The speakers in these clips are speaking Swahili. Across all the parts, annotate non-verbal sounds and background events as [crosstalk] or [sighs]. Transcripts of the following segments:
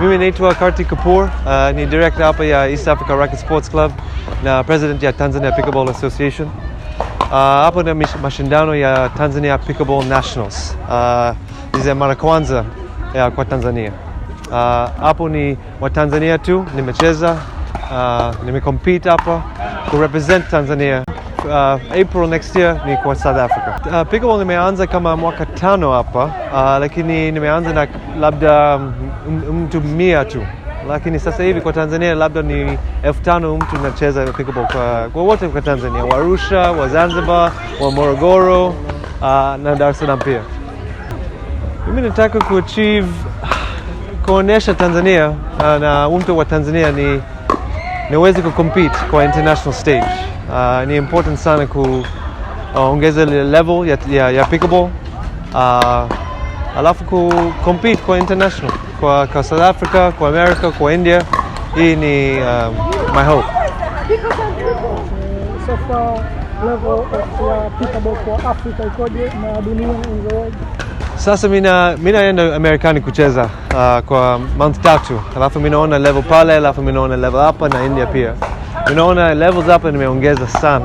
Mimi naitwa Kartik Kapoor, uh, ni director hapa uh, ya East Africa Racket Sports Club na president ya Tanzania Pickleball Association. Uh, hapa mashindano ya Tanzania Pickleball Nationals. Uh, ni mara kwanza ya kwa Tanzania. Uh, hapo ni wa Tanzania tu, nimecheza uh, nimecompete hapa Tanzania. Uh, April next year ni kwa South Africa. Uh, pickleball nimeanza kama mwaka tano hapa uh, lakini nimeanza na labda mtu mia tu, lakini sasa hivi kwa Tanzania labda ni elfu tano mtu nacheza pickleball kwa, kwa wote kwa Tanzania, arusha wa Zanzibar, wa Morogoro uh, na Dar es Salaam pia. Mimi nataka kuachieve [sighs] kuonesha Tanzania uh, na umto wa Tanzania ni niweze kucompete kwa international stage. Uh, ni important sana ku ongeze level ya, ya, ya pickable uh, alafu ku compete kwa international kwa, kwa South Africa, kwa America, kwa India. Hii ni um, my hope. So far level ya kwa Africa ikoje na dunia Sasa mina minaenda Amerikani kucheza uh, kwa month tatu, alafu minaona level pale, alafu minaona level hapa na India pia unaona levels hapa nimeongeza sana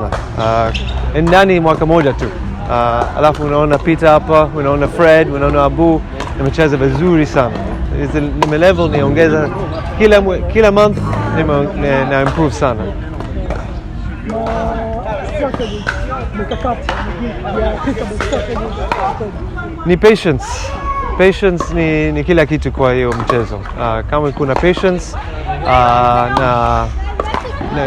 uh, ndani mwaka moja tu uh, alafu unaona Pita hapa, unaona Fred, unaona Abu nimecheza vizuri sana nime level niongeza kila, kila month nime, na improve sana ni patience. Patience ni, ni kila kitu kwa hiyo mchezo uh, kama kuna patience uh, na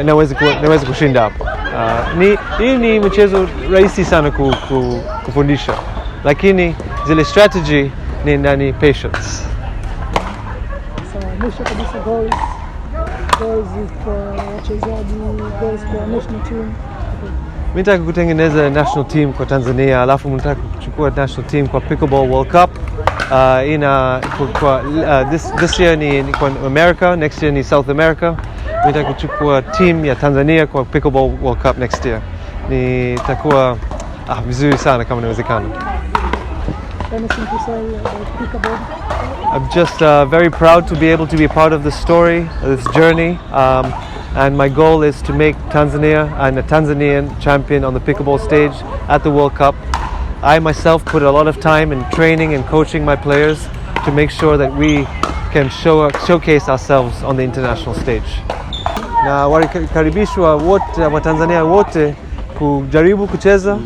nawezi ku, kushinda hapo. Uh, ni, hii ni mchezo rahisi sana ku, ku, kufundisha, lakini zile strategy ni nani, patience. nataka kutengeneza national team kwa Tanzania, alafu mnataka kuchukua national team kwa Pickleball World Cup. Uh, ina kwa, uh, this, this year ni, ni kwa America, next year ni South America. nitaka kuchukua timu ya Tanzania kwa Pickleball World Cup next year. Nitakuwa ah, vizuri sana kama inawezekana. I'm just uh, very proud to be able to be part of this story, this journey. Um, and my goal is to make Tanzania and a Tanzanian champion on the pickleball stage at the World Cup. I myself put a lot of time in training and coaching my players to make sure that we can show, showcase ourselves on the international stage. na walikaribishwa wote Watanzania wote kujaribu kucheza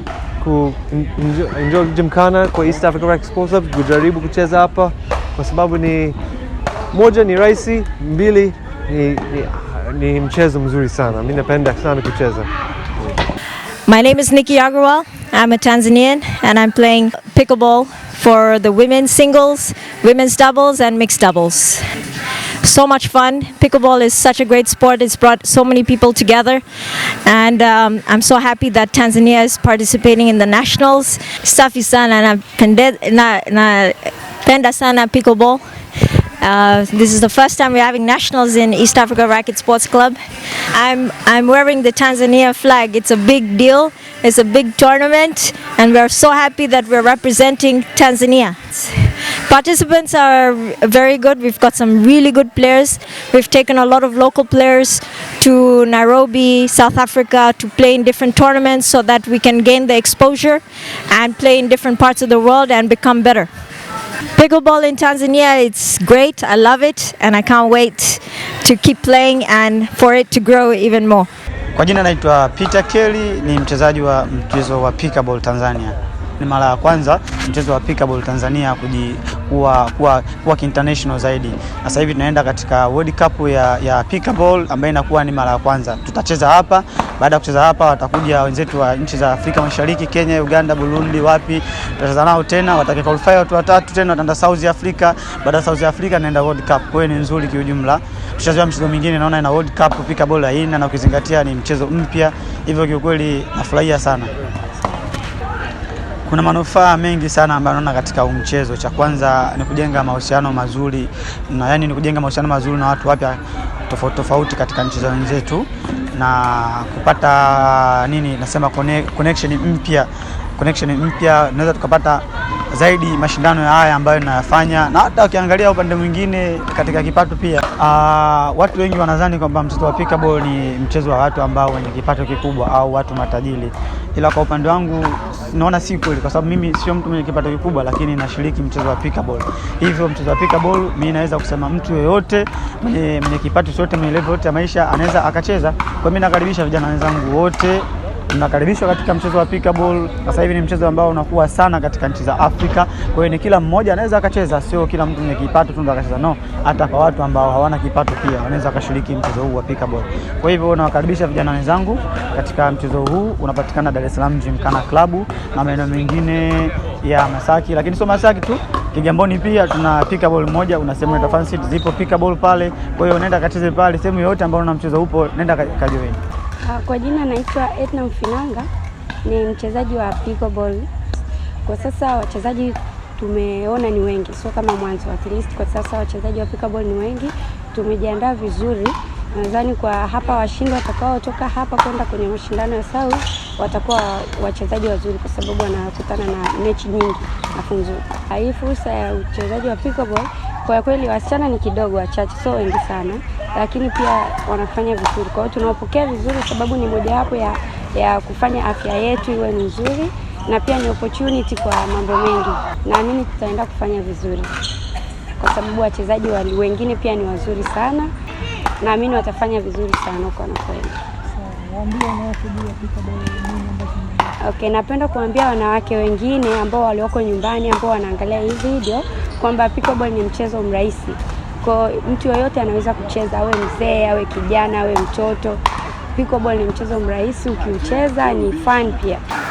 ku enjoy jimkana kwa East Africa Rec kujaribu kucheza hapa kwa sababu ni moja, ni rahisi; mbili, ni, ni, ni mchezo mzuri sana. Mimi napenda sana kucheza. My name is Nikki Agarwal. I'm a Tanzanian and I'm playing pickleball for the women's singles, women's doubles and mixed doubles. so much fun. Pickleball is such a great sport. It's brought so many people together. And um, I'm so happy that Tanzania is participating in the nationals. Safi sana napenda sana pickleball. Uh, this is the first time we're having nationals in East Africa Racket Sports Club. I'm, I'm wearing the Tanzania flag. It's a big deal. It's a big tournament. And we're so happy that we're representing Tanzania. Participants are very good. We've got some really good players. We've taken a lot of local players to Nairobi, South Africa to play in different tournaments so that we can gain the exposure and play in different parts of the world and become better. Pickleball in Tanzania, it's great. I love it and I can't wait to keep playing and for it to grow even more. Kwa jina naitwa Peter Kelly, ni mchezaji wa mchezo wa pickleball Tanzania. Ni mara ya kwanza mchezo wa pickleball Tanzania kuji kuwa, kuwa, kuwa international zaidi. Sasa hivi tunaenda katika World Cup ya, ya pickleball ambayo inakuwa ni mara ya kwanza. Tutacheza hapa, baada ya kucheza hapa watakuja wenzetu wa nchi za Afrika Mashariki, Kenya, Uganda, Burundi, wapi tutacheza nao tena, qualify watu watatu tena wataenda South Africa, baada ya South Africa naenda World Cup. Kwa hiyo ni nzuri kwa ujumla. Tutacheza mchezo mwingine naona ina World Cup pickleball haina na ukizingatia ni mchezo mpya, hivyo kiukweli nafurahia sana. Kuna manufaa mengi sana ambayo naona katika mchezo. Cha kwanza ni kujenga mahusiano mazuri na yani, ni kujenga mahusiano mazuri na watu wapya tofauti tofauti katika nchi za wenzetu na kupata nini, nasema connection mpya, connection mpya, naweza tukapata zaidi mashindano ya haya ambayo ninayafanya, na hata ukiangalia upande mwingine katika kipato pia. Aa, ah, watu wengi wanadhani kwamba mchezo wa pickleball ni mchezo wa watu ambao wenye kipato kikubwa au watu matajiri, ila kwa upande wangu naona si kweli, kwa sababu mimi sio mtu mwenye kipato kikubwa, lakini nashiriki mchezo wa pickleball. Hivyo mchezo wa pickleball, mimi naweza kusema mtu yeyote mwenye kipato chote, mwenye level yote ya maisha anaweza akacheza. Kwa mimi nakaribisha vijana wenzangu wote Tunakaribishwa katika mchezo wa pickleball. Sasa hivi ni mchezo ambao unakuwa sana katika nchi za Afrika, kwa hiyo ni kila mmoja anaweza akacheza, sio kila mtu mwenye kipato tu ndo akacheza, no, hata kwa watu ambao hawana kipato pia wanaweza wakashiriki mchezo huu wa pickleball. Kwa hivyo nawakaribisha vijana wenzangu katika mchezo huu, unapatikana Dar es Salaam Gymkhana Club na maeneo mengine ya Masaki, lakini sio Masaki tu Kigamboni pia tuna pickleball moja, una sehemu ya Fan City, zipo pickleball pale. Kwa hiyo unaenda kacheze pale, sehemu yoyote ambayo una mchezo upo, nenda kajoin. Ah, kwa jina naitwa Edna Mfinanga, ni mchezaji wa pickleball. Kwa sasa wachezaji tumeona ni wengi, sio kama mwanzo. At least kwa sasa wachezaji wa pickleball ni wengi, tumejiandaa vizuri. Nadhani kwa hapa washindi watakaotoka hapa kwenda kwenye mashindano ya South watakuwa wachezaji wazuri, kwa sababu wanakutana na mechi nyingi afu nzuri. Hii fursa ya uchezaji wa pickleball kwa kweli, wasichana ni kidogo wachache, sio wengi sana lakini pia wanafanya vizuri. Kwa hiyo tunawapokea vizuri, sababu ni mojawapo ya, ya kufanya afya yetu iwe nzuri na pia ni opportunity kwa mambo mengi. Naamini tutaenda kufanya vizuri kwa sababu wachezaji wengine pia ni wazuri sana, naamini watafanya vizuri sana huko wanakwenda. Okay, napenda kuambia wanawake wengine ambao walioko nyumbani ambao wanaangalia hii video kwamba pickleball ni mchezo mrahisi. Kwa mtu yoyote anaweza kucheza, awe mzee, awe kijana, awe mtoto. Pickleball ni mchezo mrahisi, ukiucheza ni fun pia.